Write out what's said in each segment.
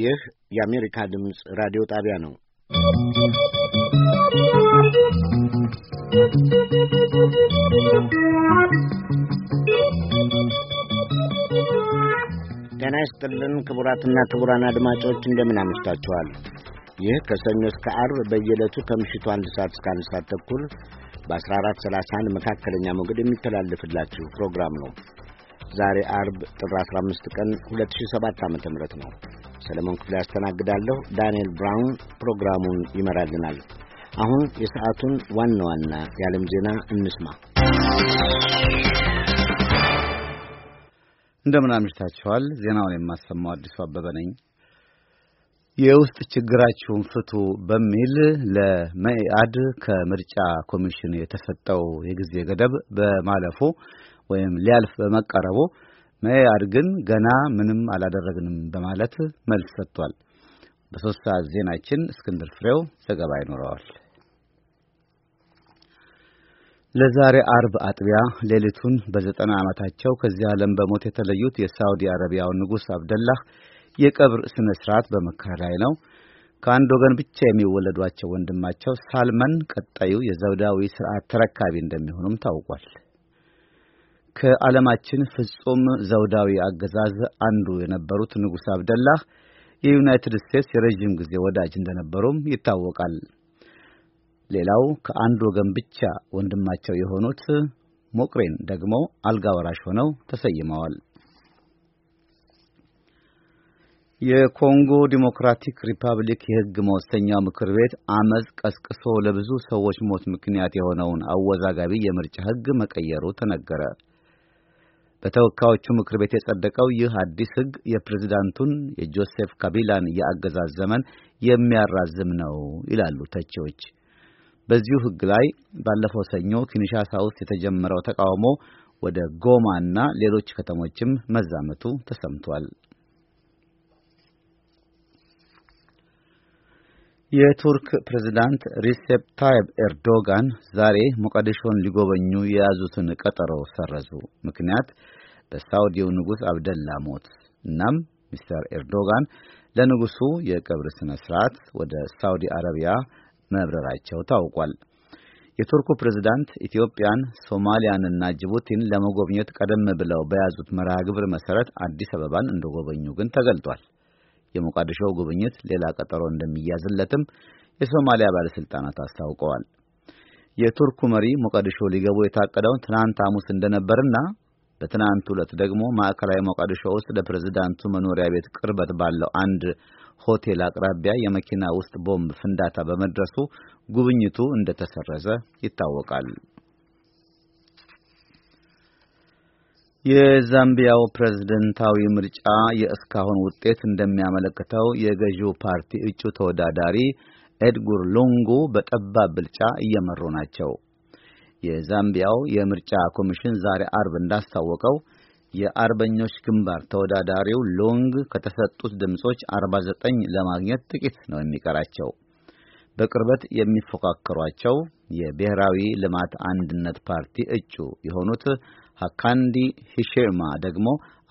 ይህ የአሜሪካ ድምፅ ራዲዮ ጣቢያ ነው። ጤና ይስጥልን ክቡራትና ክቡራን አድማጮች እንደምን አመሽታችኋል። ይህ ከሰኞ እስከ አርብ በየዕለቱ ከምሽቱ አንድ ሰዓት እስከ አንድ ሰዓት ተኩል በ 1431 መካከለኛ ሞገድ የሚተላለፍላችሁ ፕሮግራም ነው። ዛሬ አርብ ጥር 15 ቀን 2007 ዓ.ም ነው። ሰለሞን ክፍሌ ያስተናግዳለሁ። ዳንኤል ብራውን ፕሮግራሙን ይመራልናል። አሁን የሰዓቱን ዋና ዋና የዓለም ዜና እንስማ። እንደምን አምሽታችኋል። ዜናውን የማሰማው አዲሱ አበበ ነኝ። የውስጥ ችግራችሁን ፍቱ በሚል ለመኢአድ ከምርጫ ኮሚሽን የተሰጠው የጊዜ ገደብ በማለፉ ወይም ሊያልፍ በመቀረቡ መኢአድ ግን ገና ምንም አላደረግንም በማለት መልስ ሰጥቷል። በሶስት ሰዓት ዜናችን እስክንድር ፍሬው ዘገባ ይኖረዋል። ለዛሬ አርብ አጥቢያ ሌሊቱን በዘጠና ዓመታቸው ከዚህ ዓለም በሞት የተለዩት የሳውዲ አረቢያው ንጉሥ አብደላህ የቀብር ስነ ስርዓት በመካሄድ ላይ ነው። ከአንድ ወገን ብቻ የሚወለዷቸው ወንድማቸው ሳልመን ቀጣዩ የዘውዳዊ ስርዓት ተረካቢ እንደሚሆኑም ታውቋል። ከዓለማችን ፍጹም ዘውዳዊ አገዛዝ አንዱ የነበሩት ንጉሥ አብደላህ የዩናይትድ ስቴትስ የረዥም ጊዜ ወዳጅ እንደነበሩም ይታወቃል። ሌላው ከአንድ ወገን ብቻ ወንድማቸው የሆኑት ሞቅሬን ደግሞ አልጋ ወራሽ ሆነው ተሰይመዋል። የኮንጎ ዲሞክራቲክ ሪፐብሊክ የሕግ መወሰኛው ምክር ቤት አመፅ ቀስቅሶ ለብዙ ሰዎች ሞት ምክንያት የሆነውን አወዛጋቢ የምርጫ ሕግ መቀየሩ ተነገረ። በተወካዮቹ ምክር ቤት የጸደቀው ይህ አዲስ ሕግ የፕሬዝዳንቱን የጆሴፍ ካቢላን የአገዛዝ ዘመን የሚያራዝም ነው ይላሉ ተቺዎች። በዚሁ ሕግ ላይ ባለፈው ሰኞ ኪንሻሳ ውስጥ የተጀመረው ተቃውሞ ወደ ጎማ እና ሌሎች ከተሞችም መዛመቱ ተሰምቷል። የቱርክ ፕሬዝዳንት ሪሴፕ ታይብ ኤርዶጋን ዛሬ ሞቃዲሾን ሊጎበኙ የያዙትን ቀጠሮ ሰረዙ። ምክንያት በሳውዲው ንጉሥ አብደላ ሞት። እናም ሚስተር ኤርዶጋን ለንጉሡ የቀብር ሥነ ሥርዓት ወደ ሳውዲ አረቢያ መብረራቸው ታውቋል። የቱርኩ ፕሬዝዳንት ኢትዮጵያን፣ ሶማሊያንና ጅቡቲን ለመጎብኘት ቀደም ብለው በያዙት መርሃ ግብር መሠረት አዲስ አበባን እንደጎበኙ ግን ተገልጧል። የሞቃዲሾው ጉብኝት ሌላ ቀጠሮ እንደሚያዝለትም የሶማሊያ ባለስልጣናት አስታውቀዋል። የቱርኩ መሪ ሞቃዲሾ ሊገቡ የታቀደውን ትናንት ሐሙስ እንደነበርና በትናንት ዕለት ደግሞ ማዕከላዊ ሞቃዲሾ ውስጥ ለፕሬዝዳንቱ መኖሪያ ቤት ቅርበት ባለው አንድ ሆቴል አቅራቢያ የመኪና ውስጥ ቦምብ ፍንዳታ በመድረሱ ጉብኝቱ እንደተሰረዘ ይታወቃል። የዛምቢያው ፕሬዝደንታዊ ምርጫ የእስካሁን ውጤት እንደሚያመለክተው የገዢው ፓርቲ እጩ ተወዳዳሪ ኤድጉር ሉንጉ በጠባብ ብልጫ እየመሩ ናቸው። የዛምቢያው የምርጫ ኮሚሽን ዛሬ አርብ እንዳስታወቀው የአርበኞች ግንባር ተወዳዳሪው ሎንግ ከተሰጡት ድምጾች 49 ለማግኘት ጥቂት ነው የሚቀራቸው። በቅርበት የሚፎካከሯቸው የብሔራዊ ልማት አንድነት ፓርቲ እጩ የሆኑት አካንዲ ሂሼማ ደግሞ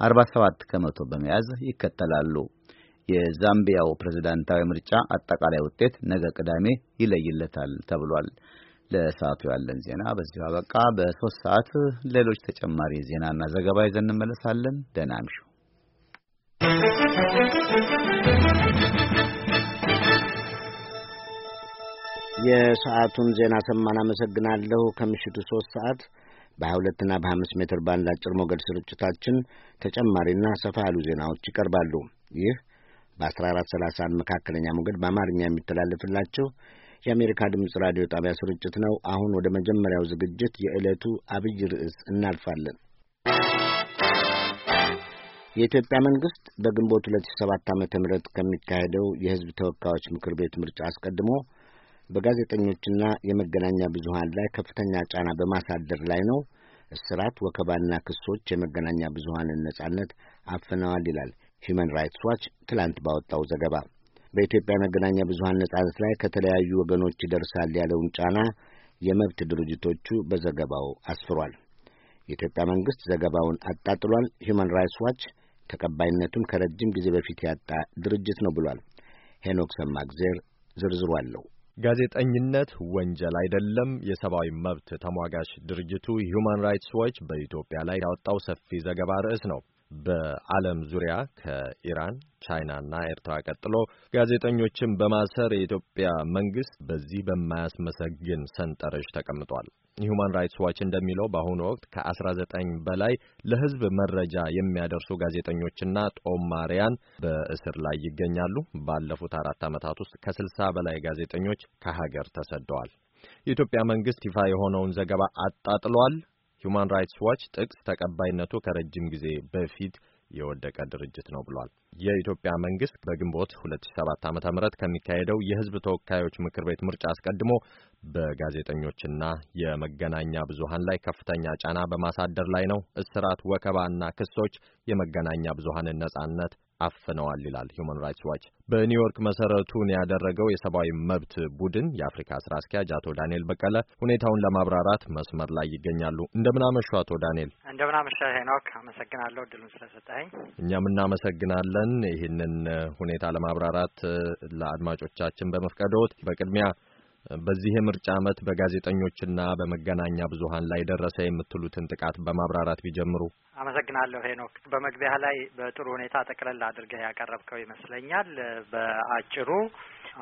47 ከመቶ በመያዝ ይከተላሉ። የዛምቢያው ፕሬዝዳንታዊ ምርጫ አጠቃላይ ውጤት ነገ ቅዳሜ ይለይለታል ተብሏል። ለሰዓቱ ያለን ዜና በዚሁ አበቃ። በሶስት ሰዓት ሌሎች ተጨማሪ ዜናና ዘገባ ይዘን እንመለሳለን። ደህና የሰዓቱን ዜና ሰማን። አመሰግናለሁ። ከምሽቱ ሶስት ሰዓት በ22 ና በ 5 ሜትር ባንድ አጭር ሞገድ ስርጭታችን ተጨማሪና ሰፋ ያሉ ዜናዎች ይቀርባሉ። ይህ በ1430 መካከለኛ ሞገድ በአማርኛ የሚተላለፍላችሁ የአሜሪካ ድምፅ ራዲዮ ጣቢያ ስርጭት ነው። አሁን ወደ መጀመሪያው ዝግጅት የዕለቱ አብይ ርዕስ እናልፋለን። የኢትዮጵያ መንግስት በግንቦት 2007 ዓ.ም ከሚካሄደው የህዝብ ተወካዮች ምክር ቤት ምርጫ አስቀድሞ በጋዜጠኞችና የመገናኛ ብዙሃን ላይ ከፍተኛ ጫና በማሳደር ላይ ነው። እስራት፣ ወከባና ክሶች የመገናኛ ብዙሃንን ነጻነት አፍነዋል ይላል ሂዩማን ራይትስ ዋች ትላንት ባወጣው ዘገባ። በኢትዮጵያ መገናኛ ብዙሃን ነጻነት ላይ ከተለያዩ ወገኖች ይደርሳል ያለውን ጫና የመብት ድርጅቶቹ በዘገባው አስፍሯል። የኢትዮጵያ መንግስት ዘገባውን አጣጥሏል። ሂውማን ራይትስ ዋች ተቀባይነቱን ከረጅም ጊዜ በፊት ያጣ ድርጅት ነው ብሏል። ሄኖክ ሰማግዜር ዝርዝሩ አለው። ጋዜጠኝነት ወንጀል አይደለም። የሰብአዊ መብት ተሟጋች ድርጅቱ ሂዩማን ራይትስ ዎች በኢትዮጵያ ላይ ያወጣው ሰፊ ዘገባ ርዕስ ነው። በዓለም ዙሪያ ከኢራን ቻይናና ኤርትራ ቀጥሎ ጋዜጠኞችን በማሰር የኢትዮጵያ መንግስት በዚህ በማያስመሰግን ሰንጠረዥ ተቀምጧል። ሂዩማን ራይትስ ዋች እንደሚለው በአሁኑ ወቅት ከ19 በላይ ለህዝብ መረጃ የሚያደርሱ ጋዜጠኞችና ጦማሪያን በእስር ላይ ይገኛሉ። ባለፉት አራት ዓመታት ውስጥ ከ60 በላይ ጋዜጠኞች ከሀገር ተሰደዋል። የኢትዮጵያ መንግስት ይፋ የሆነውን ዘገባ አጣጥሏል። ሁማን ራይትስ ዋች ጥቅስ ተቀባይነቱ ከረጅም ጊዜ በፊት የወደቀ ድርጅት ነው ብሏል። የኢትዮጵያ መንግስት በግንቦት 2007 ዓ.ም ከሚካሄደው የህዝብ ተወካዮች ምክር ቤት ምርጫ አስቀድሞ በጋዜጠኞችና የመገናኛ ብዙሃን ላይ ከፍተኛ ጫና በማሳደር ላይ ነው። እስራት፣ ወከባና ክሶች የመገናኛ ብዙሃንን ነጻነት አፍነዋል ይላል ሁማን ራይትስ ዋች። በኒውዮርክ መሰረቱን ያደረገው የሰብአዊ መብት ቡድን የአፍሪካ ስራ አስኪያጅ አቶ ዳንኤል በቀለ ሁኔታውን ለማብራራት መስመር ላይ ይገኛሉ። እንደምናመሹ አቶ ዳንኤል። እንደምናመሻ ሄኖክ፣ አመሰግናለሁ እድሉን ስለሰጠኝ። እኛም እናመሰግናለን ይህንን ሁኔታ ለማብራራት ለአድማጮቻችን በመፍቀዶት በቅድሚያ በዚህ የምርጫ ዓመት በጋዜጠኞችና በመገናኛ ብዙሃን ላይ ደረሰ የምትሉትን ጥቃት በማብራራት ቢጀምሩ። አመሰግናለሁ ሄኖክ። በመግቢያ ላይ በጥሩ ሁኔታ ጠቅለል አድርገህ ያቀረብከው ይመስለኛል። በአጭሩ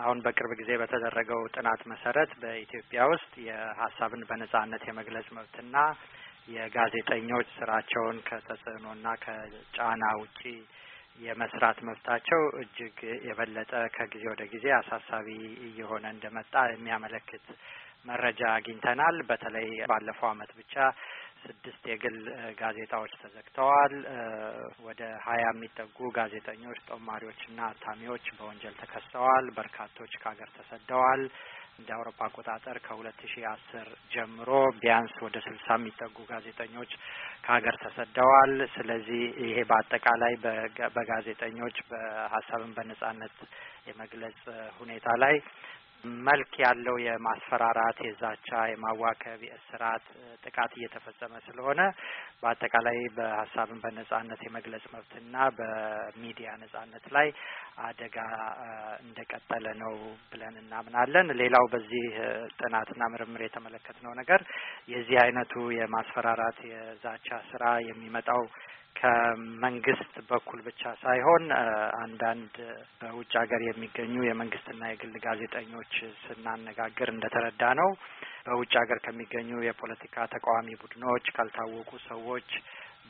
አሁን በቅርብ ጊዜ በተደረገው ጥናት መሰረት በኢትዮጵያ ውስጥ የሀሳብን በነጻነት የመግለጽ መብትና የጋዜጠኞች ስራቸውን ከተጽዕኖና ከጫና ውጪ የመስራት መብታቸው እጅግ የበለጠ ከጊዜ ወደ ጊዜ አሳሳቢ እየሆነ እንደመጣ የሚያመለክት መረጃ አግኝተናል። በተለይ ባለፈው አመት ብቻ ስድስት የግል ጋዜጣዎች ተዘግተዋል። ወደ ሀያ የሚጠጉ ጋዜጠኞች፣ ጦማሪዎችና አታሚዎች በወንጀል ተከሰዋል። በርካቶች ከሀገር ተሰደዋል። እንደ አውሮፓ አቆጣጠር ከሁለት ሺ አስር ጀምሮ ቢያንስ ወደ ስልሳ የሚጠጉ ጋዜጠኞች ከሀገር ተሰደዋል። ስለዚህ ይሄ በአጠቃላይ በጋዜጠኞች በሀሳብን በነጻነት የመግለጽ ሁኔታ ላይ መልክ ያለው የማስፈራራት፣ የዛቻ፣ የማዋከብ፣ የእስራት ጥቃት እየተፈጸመ ስለሆነ በአጠቃላይ በሀሳብን በነጻነት የመግለጽ መብትና በሚዲያ ነጻነት ላይ አደጋ እንደቀጠለ ነው ብለን እናምናለን። ሌላው በዚህ ጥናትና ምርምር የተመለከትነው ነገር የዚህ አይነቱ የማስፈራራት፣ የዛቻ ስራ የሚመጣው ከመንግስት በኩል ብቻ ሳይሆን አንዳንድ በውጭ ሀገር የሚገኙ የመንግስትና የግል ጋዜጠኞች ስናነጋግር እንደተረዳ ነው በውጭ ሀገር ከሚገኙ የፖለቲካ ተቃዋሚ ቡድኖች፣ ካልታወቁ ሰዎች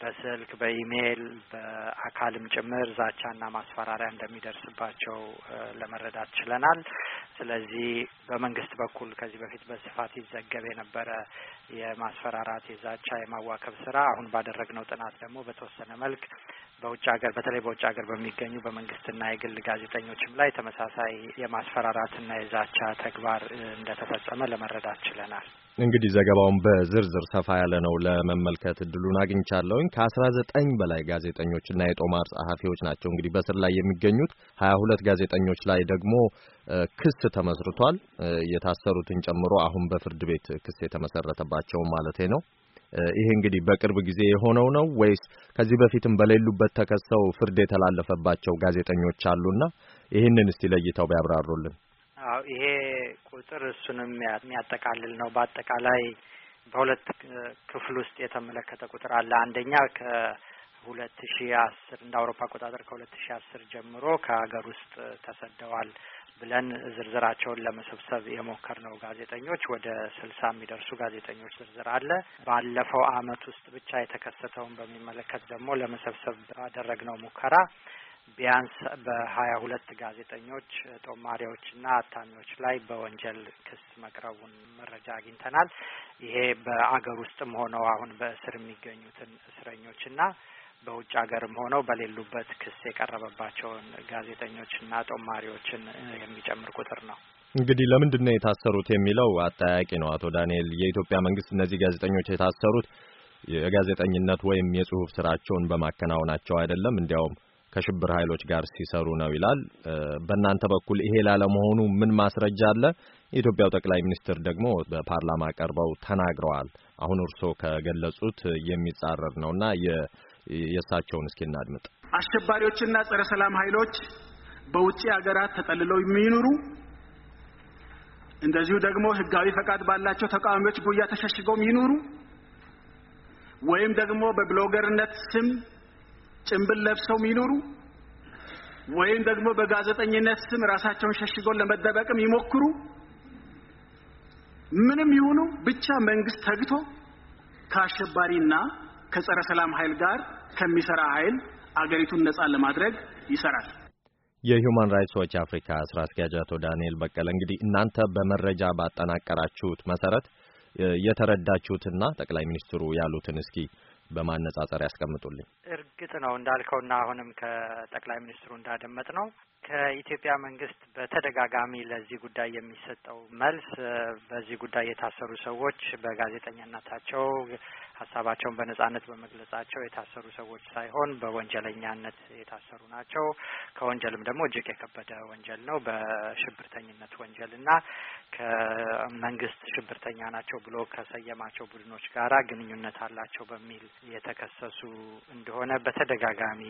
በስልክ በኢሜይል በአካልም ጭምር ዛቻና ማስፈራሪያ እንደሚደርስባቸው ለመረዳት ችለናል። ስለዚህ በመንግስት በኩል ከዚህ በፊት በስፋት ይዘገብ የነበረ የማስፈራራት የዛቻ የማዋከብ ስራ አሁን ባደረግነው ጥናት ደግሞ በተወሰነ መልክ በውጭ ሀገር በተለይ በውጭ ሀገር በሚገኙ በመንግስትና የግል ጋዜጠኞችም ላይ ተመሳሳይ የማስፈራራትና የዛቻ ተግባር እንደተፈጸመ ለመረዳት ችለናል። እንግዲህ ዘገባውን በዝርዝር ሰፋ ያለ ነው ለመመልከት እድሉን አግኝቻለሁኝ። ከአስራ ዘጠኝ በላይ ጋዜጠኞች እና የጦማር ጸሐፊዎች ናቸው እንግዲህ በስር ላይ የሚገኙት። ሀያ ሁለት ጋዜጠኞች ላይ ደግሞ ክስ ተመስርቷል። የታሰሩትን ጨምሮ አሁን በፍርድ ቤት ክስ የተመሰረተባቸው ማለት ነው። ይሄ እንግዲህ በቅርብ ጊዜ የሆነው ነው ወይስ ከዚህ በፊትም በሌሉበት ተከሰው ፍርድ የተላለፈባቸው ጋዜጠኞች አሉና ይህንን እስቲ ለይተው ቢያብራሩልን። አዎ ይሄ ቁጥር እሱንም የሚያጠቃልል ነው። በአጠቃላይ በሁለት ክፍል ውስጥ የተመለከተ ቁጥር አለ። አንደኛ ከሁለት ሺ አስር እንደ አውሮፓ አቆጣጠር ከሁለት ሺ አስር ጀምሮ ከሀገር ውስጥ ተሰደዋል ብለን ዝርዝራቸውን ለመሰብሰብ የሞከርነው ጋዜጠኞች ወደ ስልሳ የሚደርሱ ጋዜጠኞች ዝርዝር አለ። ባለፈው አመት ውስጥ ብቻ የተከሰተውን በሚመለከት ደግሞ ለመሰብሰብ ባደረግነው ሙከራ ቢያንስ በሀያ ሁለት ጋዜጠኞች ጦማሪዎችና አታሚዎች ላይ በወንጀል ክስ መቅረቡን መረጃ አግኝተናል። ይሄ በአገር ውስጥም ሆነው አሁን በእስር የሚገኙትን እስረኞችና በውጭ ሀገርም ሆነው በሌሉበት ክስ የቀረበባቸውን ጋዜጠኞችና ጦማሪዎችን የሚጨምር ቁጥር ነው። እንግዲህ ለምንድን ነው የታሰሩት የሚለው አጠያቂ ነው። አቶ ዳንኤል፣ የኢትዮጵያ መንግስት እነዚህ ጋዜጠኞች የታሰሩት የጋዜጠኝነት ወይም የጽሁፍ ስራቸውን በማከናወናቸው አይደለም እንዲያውም ከሽብር ኃይሎች ጋር ሲሰሩ ነው ይላል። በእናንተ በኩል ይሄ ላለመሆኑ ምን ማስረጃ አለ? የኢትዮጵያው ጠቅላይ ሚኒስትር ደግሞ በፓርላማ ቀርበው ተናግረዋል። አሁን እርስዎ ከገለጹት የሚጻረር ነውና የእሳቸውን እስኪ እናድምጥ። አሸባሪዎችና ጸረ ሰላም ኃይሎች በውጭ ሀገራት ተጠልለው የሚኖሩ እንደዚሁ ደግሞ ሕጋዊ ፈቃድ ባላቸው ተቃዋሚዎች ጉያ ተሸሽገው ይኑሩ ወይም ደግሞ በብሎገርነት ስም ጭንብል ለብሰው የሚኖሩ ወይም ደግሞ በጋዜጠኝነት ስም ራሳቸውን ሸሽገው ለመደበቅም ይሞክሩ፣ ምንም ይሁኑ ብቻ መንግስት ተግቶ ከአሸባሪና ከጸረ ሰላም ኃይል ጋር ከሚሰራ ኃይል አገሪቱን ነጻ ለማድረግ ይሰራል። የሂዩማን ራይትስ ዎች አፍሪካ ስራ አስኪያጅ አቶ ዳንኤል በቀለ፣ እንግዲህ እናንተ በመረጃ ባጠናቀራችሁት መሰረት የተረዳችሁትና ጠቅላይ ሚኒስትሩ ያሉትን እስኪ በማነጻጸር ያስቀምጡልኝ። እርግጥ ነው እንዳልከውና አሁንም ከጠቅላይ ሚኒስትሩ እንዳደመጥ ነው ከኢትዮጵያ መንግስት በተደጋጋሚ ለዚህ ጉዳይ የሚሰጠው መልስ በዚህ ጉዳይ የታሰሩ ሰዎች በጋዜጠኝነታቸው ሀሳባቸውን በነጻነት በመግለጻቸው የታሰሩ ሰዎች ሳይሆን በወንጀለኛነት የታሰሩ ናቸው። ከወንጀልም ደግሞ እጅግ የከበደ ወንጀል ነው፣ በሽብርተኝነት ወንጀል እና ከመንግስት ሽብርተኛ ናቸው ብሎ ከሰየማቸው ቡድኖች ጋር ግንኙነት አላቸው በሚል የተከሰሱ እንደሆነ በተደጋጋሚ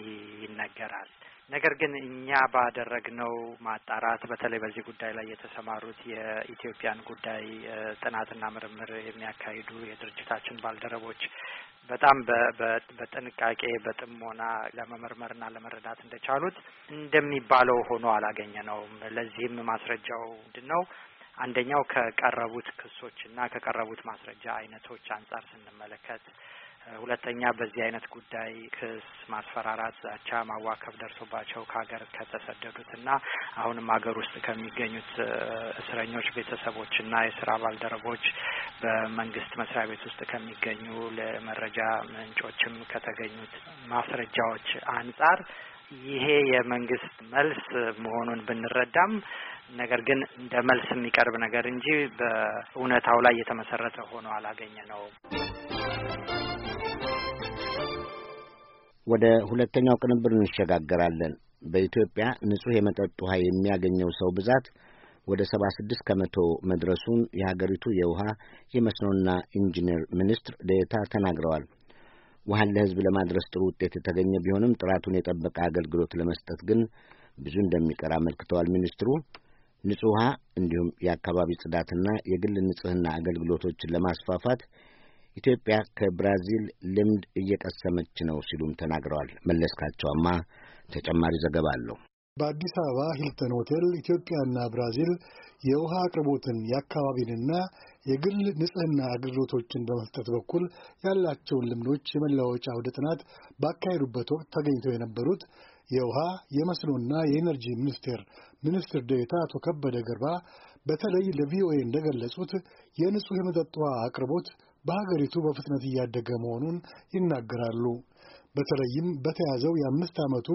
ይነገራል። ነገር ግን እኛ ባደረግነው ማጣራት በተለይ በዚህ ጉዳይ ላይ የተሰማሩት የኢትዮጵያን ጉዳይ ጥናትና ምርምር የሚያካሂዱ የድርጅታችን ባልደረቦች ሰዎች በጣም በጥንቃቄ በጥሞና ለመመርመርና ለመረዳት እንደቻሉት እንደሚባለው ሆኖ አላገኘ ነውም። ለዚህም ማስረጃው ምንድን ነው? አንደኛው ከቀረቡት ክሶችና ከቀረቡት ማስረጃ አይነቶች አንጻር ስንመለከት ሁለተኛ በዚህ አይነት ጉዳይ ክስ፣ ማስፈራራት፣ ዛቻ፣ ማዋከብ ደርሶባቸው ከሀገር ከተሰደዱት እና አሁንም ሀገር ውስጥ ከሚገኙት እስረኞች ቤተሰቦች እና የስራ ባልደረቦች በመንግስት መስሪያ ቤት ውስጥ ከሚገኙ ለመረጃ ምንጮችም ከተገኙት ማስረጃዎች አንጻር ይሄ የመንግስት መልስ መሆኑን ብንረዳም ነገር ግን እንደ መልስ የሚቀርብ ነገር እንጂ በእውነታው ላይ የተመሰረተ ሆኖ አላገኘ ነው። ወደ ሁለተኛው ቅንብር እንሸጋገራለን። በኢትዮጵያ ንጹሕ የመጠጥ ውሃ የሚያገኘው ሰው ብዛት ወደ ሰባ ስድስት ከመቶ መድረሱን የሀገሪቱ የውሃ የመስኖና ኢንጂነር ሚኒስትር ደታ ተናግረዋል። ውሃን ለሕዝብ ለማድረስ ጥሩ ውጤት የተገኘ ቢሆንም ጥራቱን የጠበቀ አገልግሎት ለመስጠት ግን ብዙ እንደሚቀር አመልክተዋል። ሚኒስትሩ ንጹሕ ውሃ እንዲሁም የአካባቢ ጽዳትና የግል ንጽህና አገልግሎቶችን ለማስፋፋት ኢትዮጵያ ከብራዚል ልምድ እየቀሰመች ነው ሲሉም ተናግረዋል። መለስካቸዋማ ተጨማሪ ዘገባ አለው። በአዲስ አበባ ሂልተን ሆቴል ኢትዮጵያና ብራዚል የውሃ አቅርቦትን የአካባቢንና የግል ንጽህና አገልግሎቶችን በመስጠት በኩል ያላቸውን ልምዶች የመለዋወጫ አውደ ጥናት ባካሄዱበት ወቅት ተገኝተው የነበሩት የውሃ የመስኖና የኤነርጂ ሚኒስቴር ሚኒስትር ዴኤታ አቶ ከበደ ገርባ በተለይ ለቪኦኤ እንደገለጹት የንጹህ የመጠጥ ውሃ አቅርቦት በሀገሪቱ በፍጥነት እያደገ መሆኑን ይናገራሉ። በተለይም በተያዘው የአምስት ዓመቱ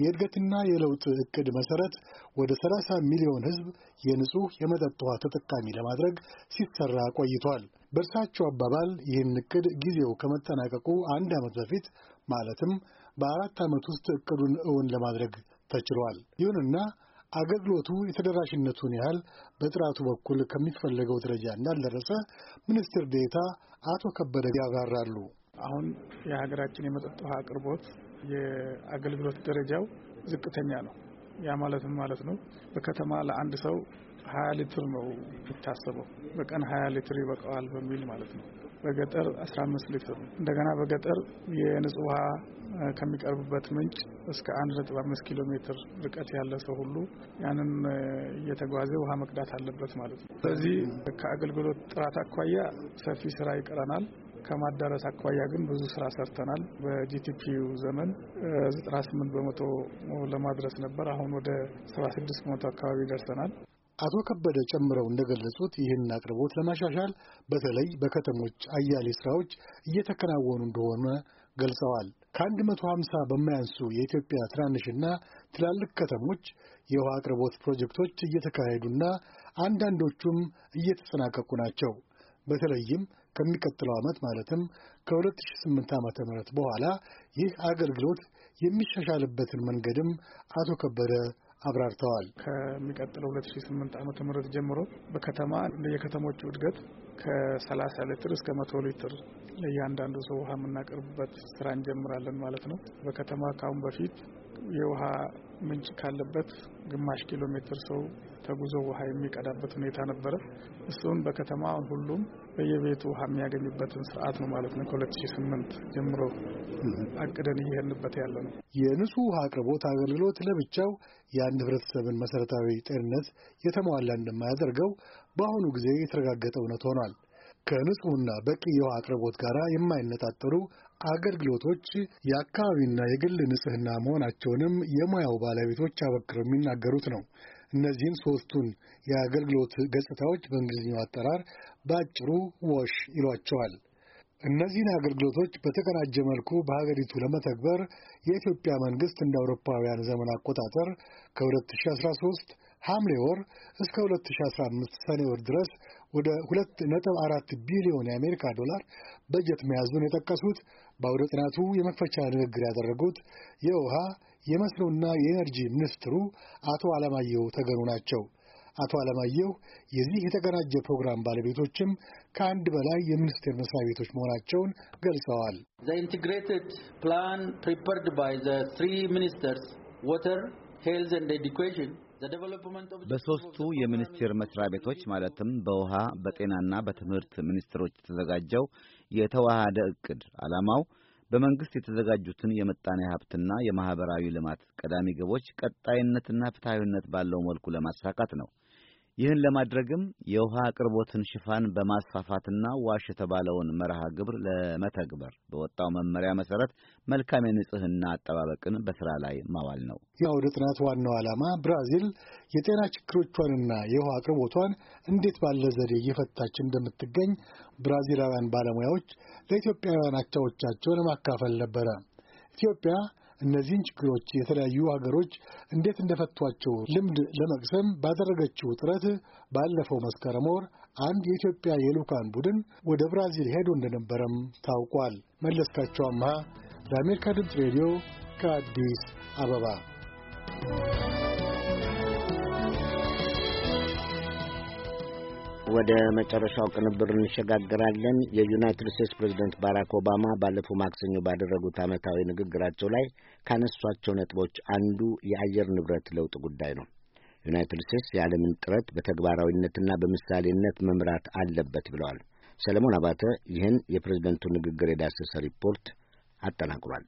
የእድገትና የለውጥ እቅድ መሠረት ወደ 30 ሚሊዮን ሕዝብ የንጹሕ የመጠጥ ውሃ ተጠቃሚ ለማድረግ ሲሰራ ቆይቷል። በእርሳቸው አባባል ይህን እቅድ ጊዜው ከመጠናቀቁ አንድ ዓመት በፊት ማለትም በአራት ዓመት ውስጥ እቅዱን እውን ለማድረግ ተችሏል። ይሁንና አገልግሎቱ የተደራሽነቱን ያህል በጥራቱ በኩል ከሚፈለገው ደረጃ እንዳልደረሰ ሚኒስትር ዴታ አቶ ከበደ ያብራራሉ። አሁን የሀገራችን የመጠጥ ውሃ አቅርቦት የአገልግሎት ደረጃው ዝቅተኛ ነው። ያ ማለትም ማለት ነው በከተማ ለአንድ ሰው ሀያ ሊትር ነው የሚታሰበው። በቀን ሀያ ሊትር ይበቃዋል በሚል ማለት ነው። በገጠር አስራ አምስት ሊትር ነው። እንደገና በገጠር የንጹህ ውሃ ከሚቀርቡበት ምንጭ እስከ 1.5 ኪሎ ሜትር ርቀት ያለ ሰው ሁሉ ያንን እየተጓዘ ውሃ መቅዳት አለበት ማለት ነው። ስለዚህ ከአገልግሎት ጥራት አኳያ ሰፊ ስራ ይቀረናል። ከማዳረስ አኳያ ግን ብዙ ስራ ሰርተናል። በጂቲፒ ዘመን 98 በመቶ ለማድረስ ነበር። አሁን ወደ 76 በመቶ አካባቢ ደርሰናል። አቶ ከበደ ጨምረው እንደገለጹት ይህን አቅርቦት ለማሻሻል በተለይ በከተሞች አያሌ ስራዎች እየተከናወኑ እንደሆነ ገልጸዋል። ከአንድ መቶ ሃምሳ በማያንሱ የኢትዮጵያ ትናንሽና ትላልቅ ከተሞች የውሃ አቅርቦት ፕሮጀክቶች እየተካሄዱና አንዳንዶቹም እየተጠናቀቁ ናቸው። በተለይም ከሚቀጥለው ዓመት ማለትም ከ2008 ዓ ም በኋላ ይህ አገልግሎት የሚሻሻልበትን መንገድም አቶ ከበደ አብራርተዋል። ከሚቀጥለው 2008 ዓ ም ጀምሮ በከተማ የከተሞቹ እድገት ከሰላሳ ሊትር እስከ መቶ ሊትር ለእያንዳንዱ ሰው ውሃ የምናቀርብበት ስራ እንጀምራለን ማለት ነው። በከተማ ካሁን በፊት የውሃ ምንጭ ካለበት ግማሽ ኪሎ ሜትር ሰው ተጉዞ ውሃ የሚቀዳበት ሁኔታ ነበረ። እሱን በከተማ ሁሉም በየቤቱ ውሃ የሚያገኝበትን ስርዓት ነው ማለት ነው። ከ2008 ጀምሮ አቅደን እየሄድንበት ያለ ነው። የንጹህ ውሃ አቅርቦት አገልግሎት ለብቻው የአንድ ህብረተሰብን መሰረታዊ ጤንነት የተሟላ እንደማያደርገው በአሁኑ ጊዜ የተረጋገጠ እውነት ሆኗል። ከንጹህና በቂ የውሃ አቅርቦት ጋር የማይነጣጠሩ አገልግሎቶች የአካባቢና የግል ንጽህና መሆናቸውንም የሙያው ባለቤቶች አበክረው የሚናገሩት ነው። እነዚህን ሦስቱን የአገልግሎት ገጽታዎች በእንግሊዝኛው አጠራር በአጭሩ ዎሽ ይሏቸዋል። እነዚህን አገልግሎቶች በተቀናጀ መልኩ በሀገሪቱ ለመተግበር የኢትዮጵያ መንግሥት እንደ አውሮፓውያን ዘመን አቆጣጠር ከ2013 ሐምሌ ወር እስከ 2015 ሰኔ ወር ድረስ ወደ 2.4 ቢሊዮን የአሜሪካ ዶላር በጀት መያዙን የጠቀሱት በአውደ ጥናቱ የመክፈቻ ንግግር ያደረጉት የውሃ የመስኖና የኤነርጂ ሚኒስትሩ አቶ አለማየሁ ተገኑ ናቸው። አቶ አለማየሁ የዚህ የተቀናጀ ፕሮግራም ባለቤቶችም ከአንድ በላይ የሚኒስቴር መስሪያ ቤቶች መሆናቸውን ገልጸዋል። ዘ ፕላን ፕሪፐርድ ባይ ዘ ትሪ ሚኒስተርስ ወተር ሄልዝ ኤንድ ኤዱኬሽን በሦስቱ የሚኒስቴር መስሪያ ቤቶች ማለትም በውሃ በጤናና በትምህርት ሚኒስትሮች የተዘጋጀው የተዋሃደ እቅድ ዓላማው በመንግስት የተዘጋጁትን የምጣኔ ሀብትና የማህበራዊ ልማት ቀዳሚ ግቦች ቀጣይነትና ፍትሐዊነት ባለው መልኩ ለማሳካት ነው። ይህን ለማድረግም የውሃ አቅርቦትን ሽፋን በማስፋፋትና ዋሽ የተባለውን መርሃ ግብር ለመተግበር በወጣው መመሪያ መሰረት መልካም የንጽህና አጠባበቅን በስራ ላይ ማዋል ነው። የአውደ ጥናት ዋናው ዓላማ ብራዚል የጤና ችግሮቿንና የውሃ አቅርቦቷን እንዴት ባለ ዘዴ እየፈታች እንደምትገኝ ብራዚላውያን ባለሙያዎች ለኢትዮጵያውያን አቻዎቻቸው ለማካፈል ነበረ። ኢትዮጵያ እነዚህን ችግሮች የተለያዩ ሀገሮች እንዴት እንደፈቷቸው ልምድ ለመቅሰም ባደረገችው ጥረት ባለፈው መስከረም ወር አንድ የኢትዮጵያ የልዑካን ቡድን ወደ ብራዚል ሄዶ እንደነበረም ታውቋል። መለስካቸው አምሃ ለአሜሪካ ድምፅ ሬዲዮ ከአዲስ አበባ ወደ መጨረሻው ቅንብር እንሸጋግራለን። የዩናይትድ ስቴትስ ፕሬዚደንት ባራክ ኦባማ ባለፈው ማክሰኞ ባደረጉት ዓመታዊ ንግግራቸው ላይ ካነሷቸው ነጥቦች አንዱ የአየር ንብረት ለውጥ ጉዳይ ነው። ዩናይትድ ስቴትስ የዓለምን ጥረት በተግባራዊነትና በምሳሌነት መምራት አለበት ብለዋል። ሰለሞን አባተ ይህን የፕሬዝደንቱ ንግግር የዳሰሰ ሪፖርት አጠናቅሯል።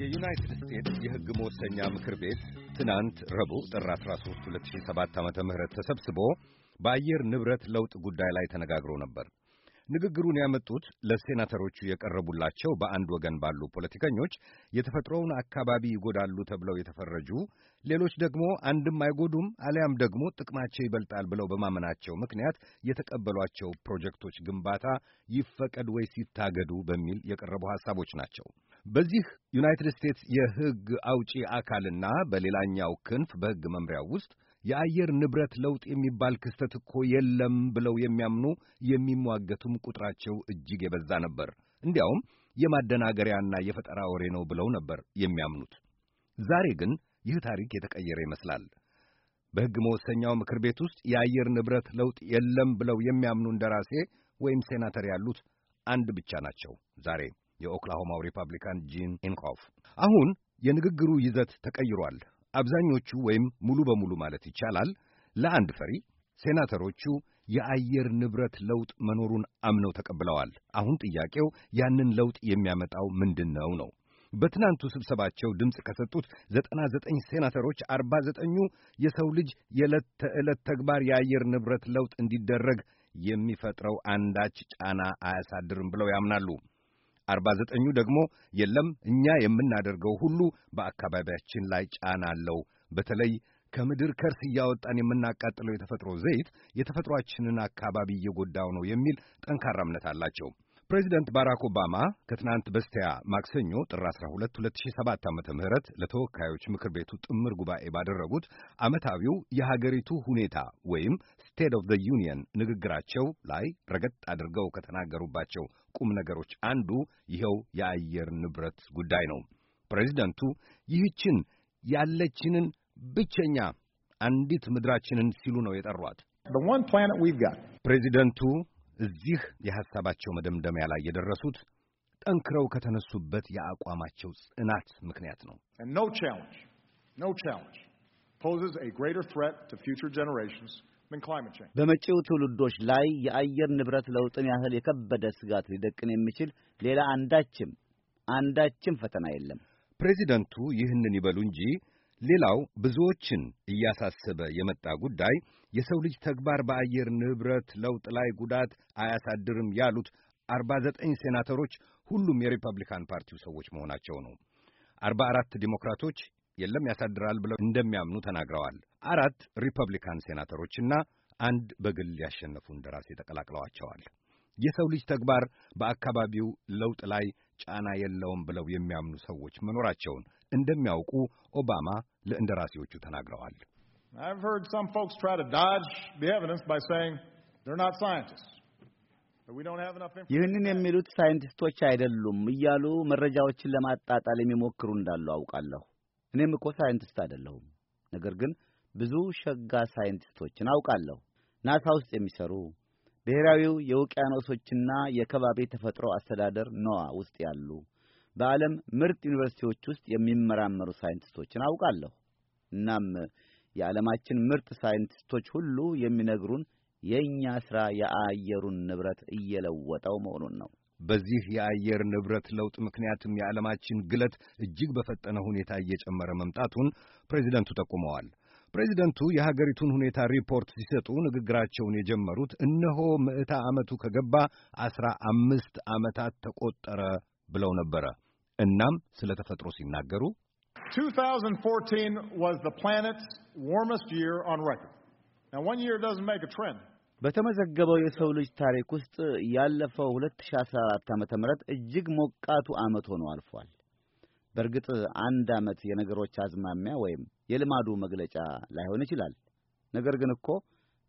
የዩናይትድ ስቴትስ የሕግ መወሰኛ ምክር ቤት ትናንት ረቡዕ ጥር 13 2007 ዓ ም ተሰብስቦ በአየር ንብረት ለውጥ ጉዳይ ላይ ተነጋግሮ ነበር። ንግግሩን ያመጡት ለሴናተሮቹ የቀረቡላቸው በአንድ ወገን ባሉ ፖለቲከኞች የተፈጥሮውን አካባቢ ይጎዳሉ ተብለው የተፈረጁ ሌሎች ደግሞ አንድም አይጎዱም አሊያም ደግሞ ጥቅማቸው ይበልጣል ብለው በማመናቸው ምክንያት የተቀበሏቸው ፕሮጀክቶች ግንባታ ይፈቀድ ወይስ ይታገዱ በሚል የቀረቡ ሐሳቦች ናቸው። በዚህ ዩናይትድ ስቴትስ የሕግ አውጪ አካልና በሌላኛው ክንፍ በሕግ መምሪያው ውስጥ የአየር ንብረት ለውጥ የሚባል ክስተት እኮ የለም ብለው የሚያምኑ የሚሟገቱም ቁጥራቸው እጅግ የበዛ ነበር። እንዲያውም የማደናገሪያና የፈጠራ ወሬ ነው ብለው ነበር የሚያምኑት። ዛሬ ግን ይህ ታሪክ የተቀየረ ይመስላል። በሕግ መወሰኛው ምክር ቤት ውስጥ የአየር ንብረት ለውጥ የለም ብለው የሚያምኑ እንደራሴ ወይም ሴናተር ያሉት አንድ ብቻ ናቸው ዛሬ የኦክላሆማው ሪፐብሊካን ጂን ኢንኮፍ። አሁን የንግግሩ ይዘት ተቀይሯል። አብዛኞቹ ወይም ሙሉ በሙሉ ማለት ይቻላል ለአንድ ፈሪ ሴናተሮቹ የአየር ንብረት ለውጥ መኖሩን አምነው ተቀብለዋል። አሁን ጥያቄው ያንን ለውጥ የሚያመጣው ምንድን ነው ነው። በትናንቱ ስብሰባቸው ድምፅ ከሰጡት ዘጠና ዘጠኝ ሴናተሮች አርባ ዘጠኙ የሰው ልጅ የዕለት ተዕለት ተግባር የአየር ንብረት ለውጥ እንዲደረግ የሚፈጥረው አንዳች ጫና አያሳድርም ብለው ያምናሉ። አርባ ዘጠኙ ደግሞ የለም እኛ የምናደርገው ሁሉ በአካባቢያችን ላይ ጫና አለው በተለይ ከምድር ከርስ እያወጣን የምናቃጥለው የተፈጥሮ ዘይት የተፈጥሯችንን አካባቢ እየጎዳው ነው የሚል ጠንካራ እምነት አላቸው። ፕሬዚደንት ባራክ ኦባማ ከትናንት በስቲያ ማክሰኞ ጥር 12 2007 ዓ ም ለተወካዮች ምክር ቤቱ ጥምር ጉባኤ ባደረጉት ዓመታዊው የሀገሪቱ ሁኔታ ወይም ስቴት ኦፍ ዘ ዩኒየን ንግግራቸው ላይ ረገጥ አድርገው ከተናገሩባቸው ቁም ነገሮች አንዱ ይኸው የአየር ንብረት ጉዳይ ነው። ፕሬዚደንቱ ይህችን ያለችንን ብቸኛ አንዲት ምድራችንን ሲሉ ነው የጠሯት። ፕሬዚደንቱ እዚህ የሐሳባቸው መደምደሚያ ላይ የደረሱት ጠንክረው ከተነሱበት የአቋማቸው ጽናት ምክንያት ነው። በመጪው ትውልዶች ላይ የአየር ንብረት ለውጥን ያህል የከበደ ስጋት ሊደቅን የሚችል ሌላ አንዳችም አንዳችም ፈተና የለም። ፕሬዚደንቱ ይህንን ይበሉ እንጂ ሌላው ብዙዎችን እያሳሰበ የመጣ ጉዳይ የሰው ልጅ ተግባር በአየር ንብረት ለውጥ ላይ ጉዳት አያሳድርም ያሉት ዘጠኝ ሴናተሮች ሁሉም የሪፐብሊካን ፓርቲው ሰዎች መሆናቸው ነው። አራት ዲሞክራቶች የለም ያሳድራል ብለው እንደሚያምኑ ተናግረዋል። አራት ሪፐብሊካን ሴናተሮችና አንድ በግል ያሸነፉ እንደራሴ ተቀላቅለዋቸዋል። የሰው ልጅ ተግባር በአካባቢው ለውጥ ላይ ጫና የለውም ብለው የሚያምኑ ሰዎች መኖራቸውን እንደሚያውቁ ኦባማ ለእንደራሴዎቹ ተናግረዋል። I've heard some folks try to dodge the evidence by saying they're not scientists. ይህንን የሚሉት ሳይንቲስቶች አይደሉም እያሉ መረጃዎችን ለማጣጣል የሚሞክሩ እንዳሉ አውቃለሁ። እኔም እኮ ሳይንቲስት አይደለሁም፣ ነገር ግን ብዙ ሸጋ ሳይንቲስቶችን አውቃለሁ። ናሳ ውስጥ የሚሰሩ ብሔራዊው የውቅያኖሶችና የከባቢ ተፈጥሮ አስተዳደር ኖዋ ውስጥ ያሉ በዓለም ምርጥ ዩኒቨርሲቲዎች ውስጥ የሚመራመሩ ሳይንቲስቶችን አውቃለሁ። እናም የዓለማችን ምርጥ ሳይንቲስቶች ሁሉ የሚነግሩን የእኛ ሥራ የአየሩን ንብረት እየለወጠው መሆኑን ነው። በዚህ የአየር ንብረት ለውጥ ምክንያትም የዓለማችን ግለት እጅግ በፈጠነ ሁኔታ እየጨመረ መምጣቱን ፕሬዚደንቱ ጠቁመዋል። ፕሬዚደንቱ የሀገሪቱን ሁኔታ ሪፖርት ሲሰጡ ንግግራቸውን የጀመሩት እነሆ ምዕተ ዓመቱ ከገባ አስራ አምስት ዓመታት ተቆጠረ ብለው ነበረ። እናም ስለ ተፈጥሮ ሲናገሩ 2014 በተመዘገበው የሰው ልጅ ታሪክ ውስጥ ያለፈው 2014 ዓ ም እጅግ ሞቃቱ ዓመት ሆኖ አልፏል። በእርግጥ አንድ ዓመት የነገሮች አዝማሚያ ወይም የልማዱ መግለጫ ላይሆን ይችላል። ነገር ግን እኮ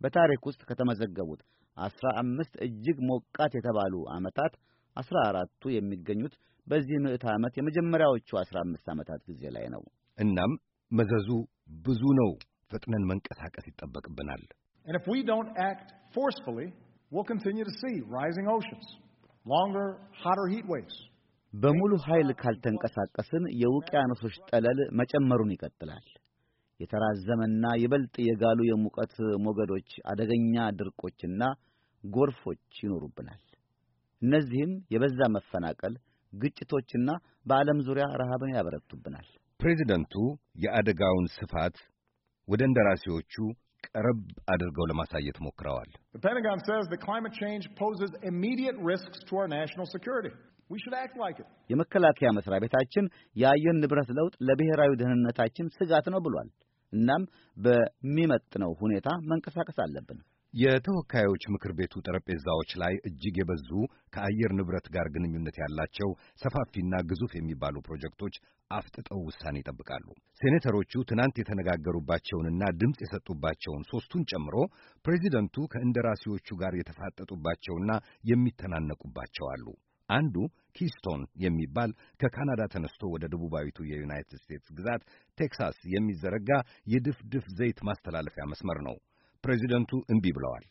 በታሪክ ውስጥ ከተመዘገቡት አስራ አምስት እጅግ ሞቃት የተባሉ ዓመታት አስራ አራቱ የሚገኙት በዚህ ምዕት ዓመት የመጀመሪያዎቹ አስራ አምስት ዓመታት ጊዜ ላይ ነው። እናም መዘዙ ብዙ ነው። ፍጥነን መንቀሳቀስ ይጠበቅብናል። በሙሉ ኃይል ካልተንቀሳቀስን የውቅያኖሶች ጠለል መጨመሩን ይቀጥላል። የተራዘመና ይበልጥ የጋሉ የሙቀት ሞገዶች፣ አደገኛ ድርቆችና ጎርፎች ይኖሩብናል። እነዚህም የበዛ መፈናቀል ግጭቶችና በዓለም ዙሪያ ረሃብን ያበረቱብናል። ፕሬዚደንቱ የአደጋውን ስፋት ወደ እንደራሴዎቹ ቀረብ አድርገው ለማሳየት ሞክረዋል። የመከላከያ መስሪያ ቤታችን የአየር ንብረት ለውጥ ለብሔራዊ ደህንነታችን ስጋት ነው ብሏል። እናም በሚመጥነው ሁኔታ መንቀሳቀስ አለብን። የተወካዮች ምክር ቤቱ ጠረጴዛዎች ላይ እጅግ የበዙ ከአየር ንብረት ጋር ግንኙነት ያላቸው ሰፋፊና ግዙፍ የሚባሉ ፕሮጀክቶች አፍጥጠው ውሳኔ ይጠብቃሉ። ሴኔተሮቹ ትናንት የተነጋገሩባቸውንና ድምፅ የሰጡባቸውን ሦስቱን ጨምሮ ፕሬዚደንቱ ከእንደራሴዎቹ ጋር የተፋጠጡባቸውና የሚተናነቁባቸው አሉ። አንዱ ኪስቶን የሚባል ከካናዳ ተነስቶ ወደ ደቡባዊቱ የዩናይትድ ስቴትስ ግዛት ቴክሳስ የሚዘረጋ የድፍድፍ ዘይት ማስተላለፊያ መስመር ነው። ፕሬዚደንቱ እምቢ ብለዋል።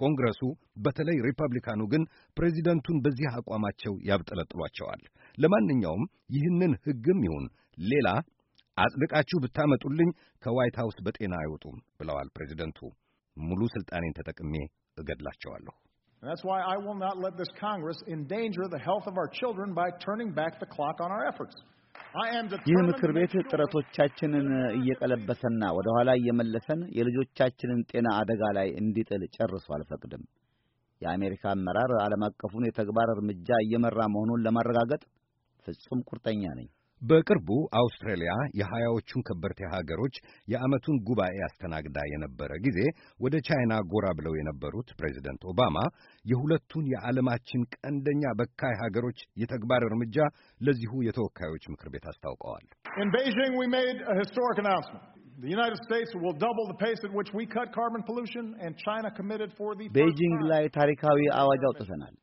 ኮንግረሱ በተለይ ሪፐብሊካኑ ግን ፕሬዚደንቱን በዚህ አቋማቸው ያብጠለጥሏቸዋል። ለማንኛውም ይህንን ህግም ይሁን ሌላ አጽድቃችሁ ብታመጡልኝ ከዋይት ሐውስ በጤና አይወጡም ብለዋል ፕሬዚደንቱ። ሙሉ ሥልጣኔን ተጠቅሜ እገድላቸዋለሁ። That's why I will not let this Congress endanger the health of our children by turning back the clock on our efforts. ይህ ምክር ቤት ጥረቶቻችንን እየቀለበሰና ወደ ኋላ እየመለሰን የልጆቻችንን ጤና አደጋ ላይ እንዲጥል ጨርሶ አልፈቅድም። የአሜሪካ አመራር ዓለም አቀፉን የተግባር እርምጃ እየመራ መሆኑን ለማረጋገጥ ፍጹም ቁርጠኛ ነኝ። በቅርቡ አውስትራሊያ የሀያዎቹን ከበርቴ ሀገሮች የዓመቱን ጉባኤ አስተናግዳ የነበረ ጊዜ ወደ ቻይና ጎራ ብለው የነበሩት ፕሬዚደንት ኦባማ የሁለቱን የዓለማችን ቀንደኛ በካይ ሀገሮች የተግባር እርምጃ ለዚሁ የተወካዮች ምክር ቤት አስታውቀዋል። ቤጂንግ ላይ ታሪካዊ አዋጅ አውጥተናል።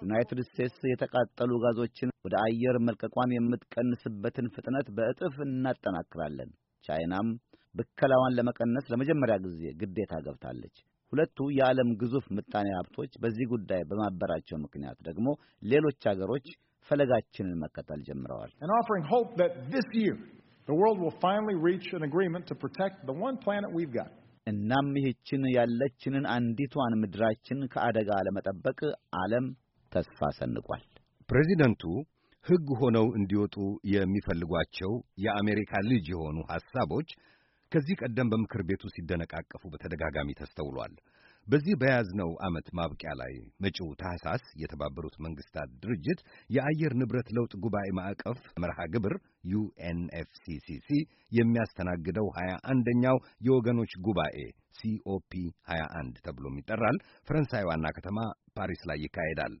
ዩናይትድ ስቴትስ የተቃጠሉ ጋዞችን ወደ አየር መልቀቋን የምትቀንስበትን ፍጥነት በእጥፍ እናጠናክራለን። ቻይናም ብከላዋን ለመቀነስ ለመጀመሪያ ጊዜ ግዴታ ገብታለች። ሁለቱ የዓለም ግዙፍ ምጣኔ ሀብቶች በዚህ ጉዳይ በማበራቸው ምክንያት ደግሞ ሌሎች አገሮች ፈለጋችንን መከተል ጀምረዋል። እናም ይህችን ያለችንን አንዲቷን ምድራችን ከአደጋ ለመጠበቅ ዓለም ተስፋ ሰንቋል። ፕሬዚደንቱ ሕግ ሆነው እንዲወጡ የሚፈልጓቸው የአሜሪካ ልጅ የሆኑ ሐሳቦች ከዚህ ቀደም በምክር ቤቱ ሲደነቃቀፉ በተደጋጋሚ ተስተውሏል። በዚህ በያዝነው ዓመት ማብቂያ ላይ መጪው ታህሳስ የተባበሩት መንግስታት ድርጅት የአየር ንብረት ለውጥ ጉባኤ ማዕቀፍ መርሃ ግብር ዩኤንኤፍሲሲሲ የሚያስተናግደው ሀያ አንደኛው የወገኖች ጉባኤ ሲኦፒ 21 ተብሎም ይጠራል። ፈረንሳይ ዋና ከተማ ፓሪስ ላይ ይካሄዳል።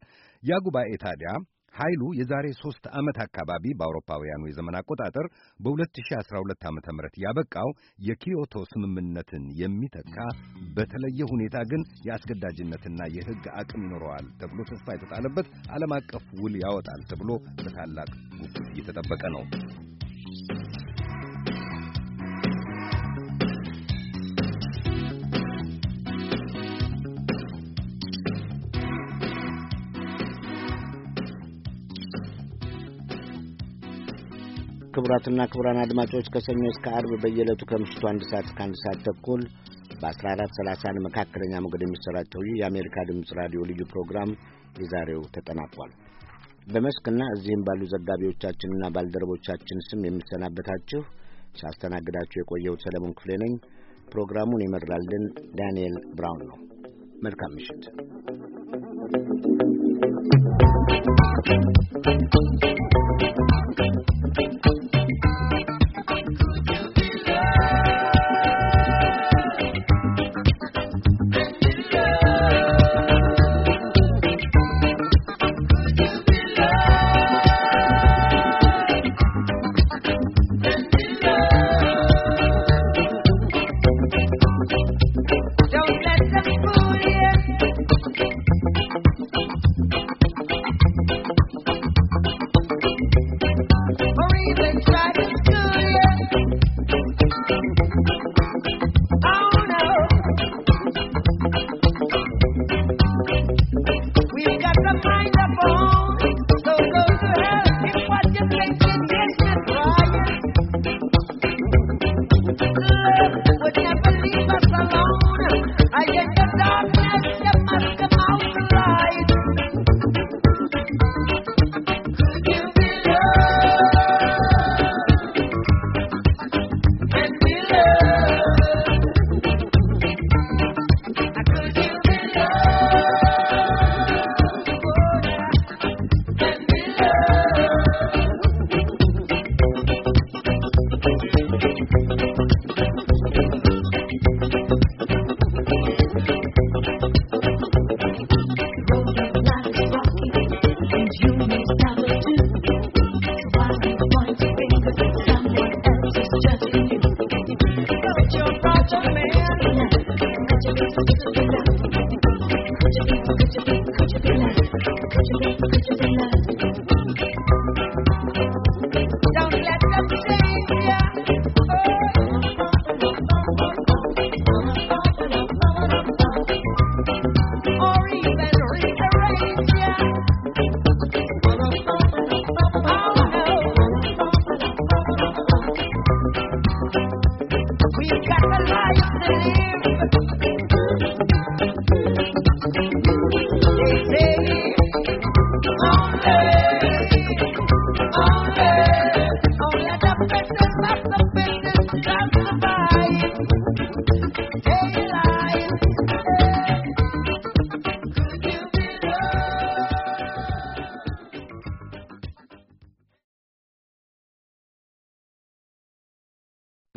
ያ ጉባኤ ታዲያ ኃይሉ የዛሬ ሦስት ዓመት አካባቢ በአውሮፓውያኑ የዘመን አቆጣጠር በ2012 ዓ ም ያበቃው የኪዮቶ ስምምነትን የሚተካ በተለየ ሁኔታ ግን የአስገዳጅነትና የሕግ አቅም ይኖረዋል ተብሎ ተስፋ የተጣለበት ዓለም አቀፍ ውል ያወጣል ተብሎ በታላቅ ጉጉት እየተጠበቀ ነው። ክቡራትና ክቡራን አድማጮች ከሰኞ እስከ አርብ በየዕለቱ ከምሽቱ አንድ ሰዓት እስከ አንድ ሰዓት ተኩል በ1430 መካከለኛ ሞገድ የሚሰራጨው ይህ የአሜሪካ ድምፅ ራዲዮ ልዩ ፕሮግራም የዛሬው ተጠናቋል። በመስክና እዚህም ባሉ ዘጋቢዎቻችንና ባልደረቦቻችን ስም የምሰናበታችሁ ሳስተናግዳችሁ የቆየሁት ሰለሞን ክፍሌ ነኝ። ፕሮግራሙን ይመራልን ዳንኤል ብራውን ነው። መልካም ምሽት። Thank you.